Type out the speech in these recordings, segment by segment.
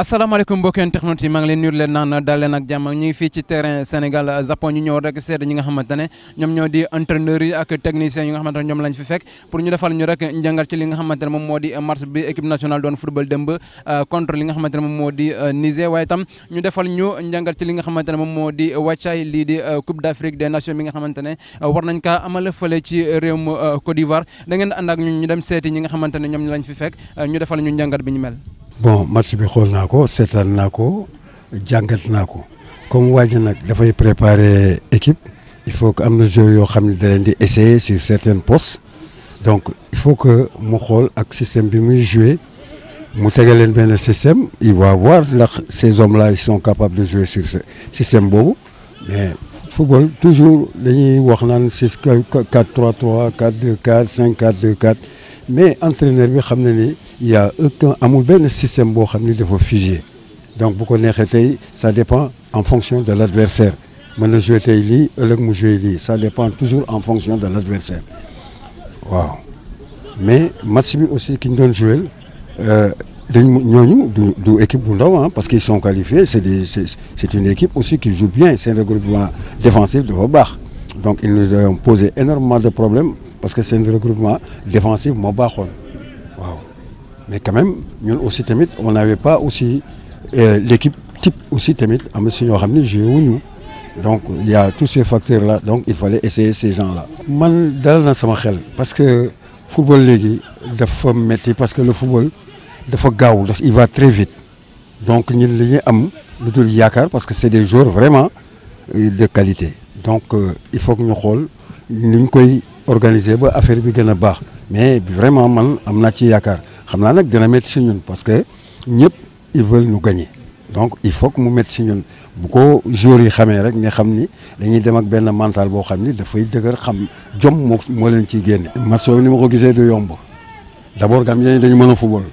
asalaamaaleykum mbokki internet yi maa ngi leen nuyu leen naan daal leen ak jàmm ñu ngi fii ci terrain Sénégal Japon ñu ñëw rek seet ñi nga xamante ne ñoom ñoo di entraîneurs yi ak techniciens xamante ne ñoom lañ fi fekk pour ñu defal ñu rek njàngat ci li nga xamante moom moo di match bi équipe nationale doon football démb euh, contre li nga ne moom moo di euh, Niger waaye tam ñu ñu njàngat ci li nga xamante ne moom moo di wàccaay lii di euh, Coupe d'Afrique des nga xamante ne war nañ kaa amal fële ci réewum Côte d'Ivoire da ngeen ànd ak ñu ñu dem seeti ñi nga xamante ne ñoom lañ fi fekk ñu defal ñu njàngat bi ñu mel bon match bi xol naa ko seetaan naa ko comme wadi voyez, il faut préparer équipe il faut que les joueurs yo essayer sur certains postes donc il faut que mu xol ak système bi muy jouer mu système il va voir ndax ces hommes là ils sont capables de jouer sur ce système Mais mais football toujours dañuy wax nan 6 4 3 3 4 2 4 5 4 2 4 mais entraîneur bi xam il y a aucun système pour xam donc ça dépend en fonction de l'adversaire. ça dépend toujours en fonction de l'adversaire. mais match aussi qui nous donne joué euh, dañ hein, parce qu'ils sont qualifiés c'est une équipe aussi qui joue bien C'est un regroupement défensif de Robach. donc ils nous ont posé énormément de problèmes parce que c'est un regroupement défensif de Robach mais quand même nous aussi tamit on n'avait pas aussi euh, l'équipe type aussi tamit am monsieur si ñoo donc il y a tous ces facteurs là donc il fallait essayer ces gens là. man suis na sama xel parce que football parce que le football il va très vite donc nous li am yakar parce que c'est des joueurs vraiment euh, de qualité donc euh, il faut que nous xol ñu koy organiser ba affaire bi mais vraiment man amna ci yakar xamna nak dina métti ci ñun parce que ñepp ils veulent nous gagner donc il faut que mu métti ci ñun bu ko jour yi xamé rek nga xamni dañuy dem ak ben mental bo xamni da fay dëgër xam jom mo moo leen ciy génne. match ni ma ko gisee du yomb d'abord abord Gambien dañu mëna football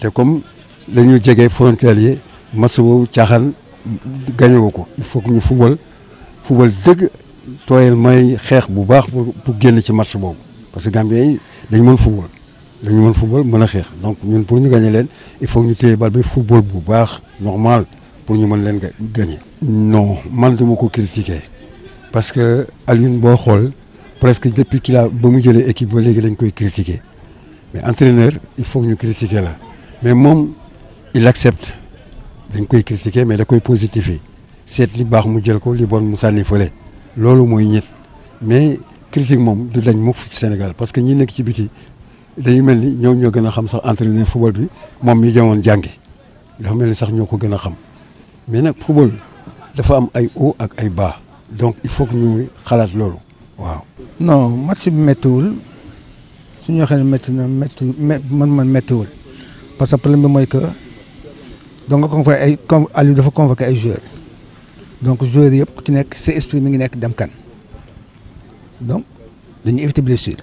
té comme dañu jege frontières yi match boobu caaxaan gagné wu il faut que ñu football football deug toyel may xex bu baax pour génn ci match bobu parce que Gambien dañu mëna football dañu mën football mën xex donc ñun pour ñu gagner leen il faut ñu téye bal bi football bu baax normal pour ñu mën leen gagner. non man duma ko critiquer parce que Alioune bo xol presque depuis qu'il a ba mu jëlee équipe ba légui lañ koy critiquer mais entraîneur il faut ñu critiquer la mais mom il accepte dañ koy critiquer mais da koy positiver seet li baax mu jël ko li bon mu sànni feulé lolu moy ñet mais critique mom du dañ mukk ci Sénégal parce que ñi nek ci biti dañu mel ni ñoom ñoo gën a xam sax entraîneur football bi moom mi jamoon jàngi dafa mel ni sax ñoo ko gën a xam mais nag football dafa am ay haut ak ay bas donc il faut que ñu xalaat loolu waaw. non match bi méttiwul su ñu waxee ne métti na métti man man méttiwul parce que problème bi mooy que donc nga convoqué ay comme Aliou dafa convoqué ay joueurs donc joueurs yëpp ku ci nekk sa esprit mi ngi nekk dem kan donc dañuy éviter blessure.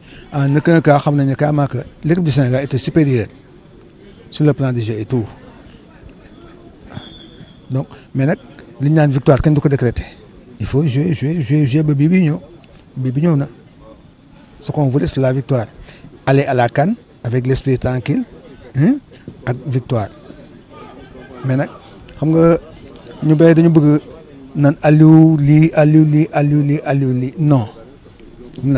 En aucun cas, on l'équipe du Sénégal était supérieure sur le plan de jeu et tout. Donc, maintenant, il y a victoire, Il faut jouer, jouer, jouer, jouer, Ce qu'on voulait, c'est la victoire. Aller à la canne avec l'esprit tranquille, avec victoire. Maintenant, non.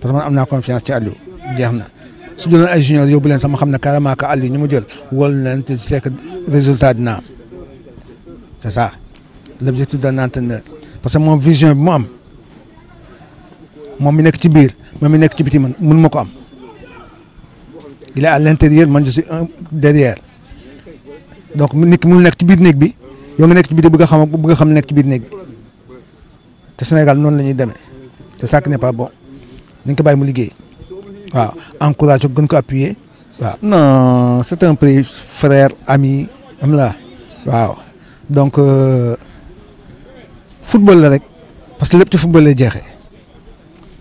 parce que man am confiance ci Aliou jeex na su jëloon ay junior yóbbu leen sama xam ne carrément que Aliou ñu mu jël wol leen te c'est que résultat dina am c'est ça l'objectif d'un entraîneur parce que mon vision bi mu am moom mi nekk ci biir moom mi nekk ci biti man mun ma ko am il est à l'intérieur man je suis un derrière donc nit ki mu nekk ci biir néeg bi yow nga nekk ci biti bëgg a xam bëgg a xam nekk ci biir néeg bi te Sénégal noonu la ñuy te ça n'est pas bon. Nous devons encouragés faire encourager, nous appuyer. Non, c'est un frère, ami. Wow. Donc, le euh, football, parce que le football est déjà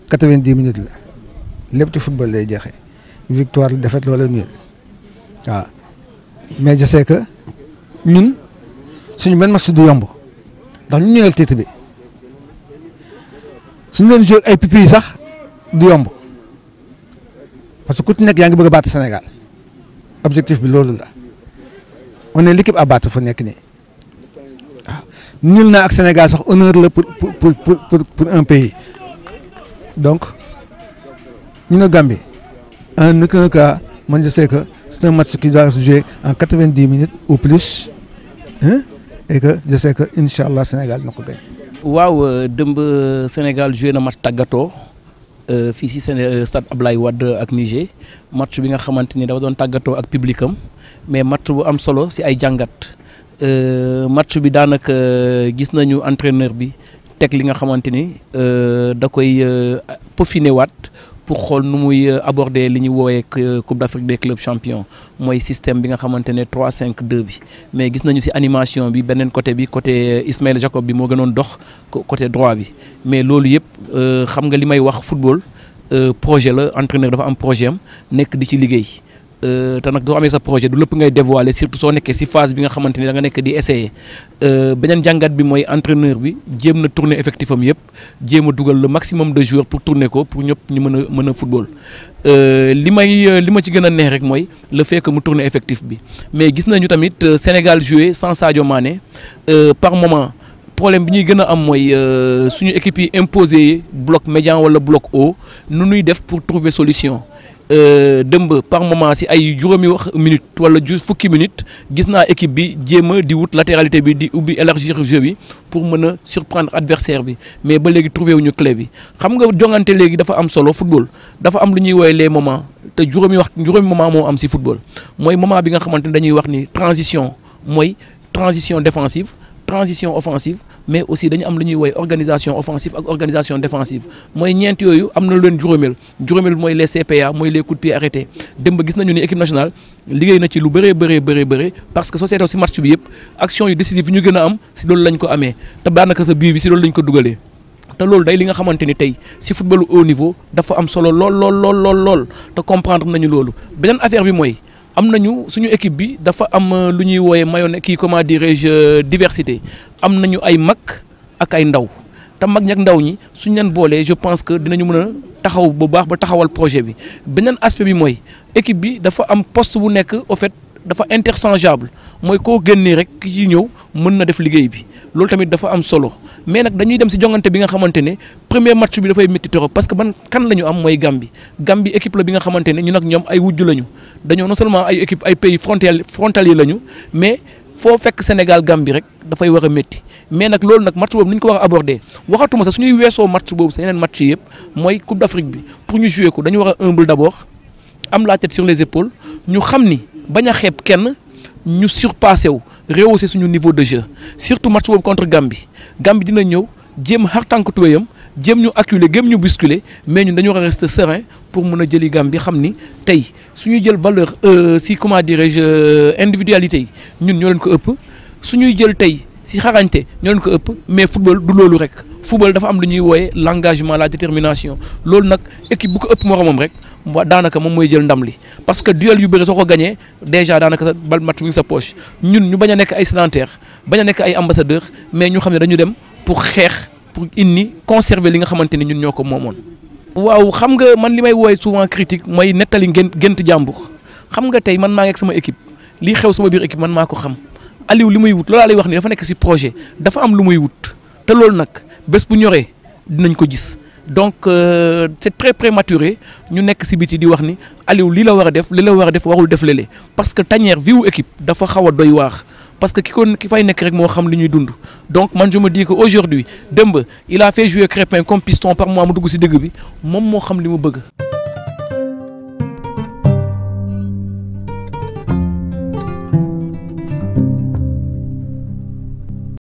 90 minutes. Le football est déjà Victoire, défaite, le nul. Mais je sais que nous, si nous sommes de Nous dans tous titre, si nous sommes les deux du parce que tout le monde bëgg battre Sénégal objectif bi loolu la on est l'équipe à battre fu nek ni waaw ah, nul na ak Sénégal sax honneur le pour pour pour pour un pays donc nous sommes Gambie en aucun cas man je sais que c'est un match qui doit se jouer en 90 minutes ou plus hein et que je sais que inshallah Sénégal nako ko Wow waaw le euh, Sénégal jouer un match tagato Euh, fii si seen euh, stade Ablaye Wade ak Niger match bi nga xamante ni dafa doon tàggatoo ak public mais match bu am solo si ay jàngat euh, match bi daanaka gis nañu entreneur bi teg li nga xamante ni da koy peaufiner waat. pour xol nu euh, aborder li ñu woyé euh, Coupe d'Afrique des clubs champions moy système bi nga xamantene 3-5-2 bi mais gis nañu ci animation bi benen côté bi côté euh, Ismaël Jacob bi qui gënon dox côté droit bi mais lolu yépp xam nga limay wax football projet la entraîneur dafa am projet am nekk di ci liguey euh, te nag doo amee sa projet du lépp ngay dévoiler surtout soo nekkee si phase bi nga xamante ni da nga nekk di essayer euh, beneen jàngat bi mooy entraîneur bi jéem na tourner effectif am yëpp jéem a dugal le maximum de joueurs pour tourner ko pour ñëpp ñu mën a football. Euh, li may li ma ci gën neex rek mooy le fait que mu tourner effectif bi mais gis nañu tamit Sénégal jouer sans Sadio Mané par moment. problème bi ñuy gën a am mooy suñu équipe yi imposé bloc médian wala bloc haut nu ñuy def pour trouver solution euh, dëmb par moment si ay juróomi wax minute wala ju fukki minute gis naa équipe bi a di latéralité bi di élargir jeu pour mën surprendre adversaire bi mais ba léegi trouvé wuñu clé bi xam nga jongante football dafa am les moments te juróomi wax juróomi moment am si football mooy moment bi nga dañuy ni transition mooy transition défensive transition offensive mais aussi dañu am lu woy organisation offensive ak organisation défensive moy ñent yoyu amna lu leen juromel juromel moy les CPA moy les coups de pied arrêtés démb gis nañu ni équipe nationale liggéey na ci lu béré béré béré béré parce que société aussi match bi yépp action yu décisive ñu gëna am si loolu lañ ko amé te daanaka sa bi bi si loolu lañ ko dugalee te loolu day li nga xamanteni tay ci si football haut niveau dafa am solo lool lool lool lool te comprendre nañu loolu benen affaire bi moy am nañu suñu équipe bi dafa am euh, lu ñuy wooyee mayone kii comment dirais-je euh, diversité am nañu ay mag ak ay ndaw te mag ñi ak ndaw ñi suñu leen boolee je pense que dinañu mën a taxaw bu baax ba taxawal projet bi beneen aspect bi mooy équipe bi dafa am poste bu nekk au fait dafa interchangeable mooy koo génnee rek ki ci ñëw mën na def liggéey bi loolu tamit dafa am solo mais nag dañuy dem si jongante bi nga xamante ne premier match bi dafay métti trop parce que ban kan la ñu am mooy Gambie Gambie équipe la bi nga xamante ne ñu nag ñoom ay wujj lañu dañoo non seulement ay équipe ay pays frontaliers frontaliers lañu mais foo fekk Sénégal Gambie rek da fay wara metti mais nak lool nak match boobu niñ ko war aborder abordé waxatuma sa suñuy wesso match bob sa yenen match yëpp moy Coupe d'Afrique bi pour ñu jouer ko dañu wara humble d'abord am la tête sur les épaules ñu xamni baña xép kenn ñu surpassé wu rehausser suñu niveau de jeu surtout match bob contre Gambie Gambie dina ñëw jëm hartank tànk jëm ñu acculer gëm ñu bousculer mais ñun dañu rester serein pour mën a jëli Gambie xam ni tey suñuy jël valeur euh, si comment dirais-je euh, individualité yi ñun ñoo peu. ko ëpp suñuy jël tey si xarañte ñoo leen ko ëpp mais football du loolu rek football dafa am lu ñuy l'engagement la détermination loolu nak équipe bu ko ëpp moromam rek wa daanaka moom mooy jël ndam li parce que duel yu bëri soko ko déjà daanaka bal mat mi sa poche ñun ñu baña nek ay sédentaire baña nek ay ambassadeur mais ñu xam dañu dem pour xex pour conserver les nga xamante ñun Je sais que waaw xam nga souvent critique mooy nettali gën gént xam nga tey man mon ngi équipe Je xew sama équipe man xam avec mon wut suis lay wax ni dafa projet dafa am lu muy wut te donc euh, c'est très prématuré Nous sommes ci biti di wax ni Aliou lii la la parce que Tanière vie équipe parce que ki ko ki fay nekk rek moo xam li donc man je me dis qu'aujourd'hui, aujourd'hui il a fait jouer Crépin comme piston par mois mu dugg si dëgg bi moom ce xam li veux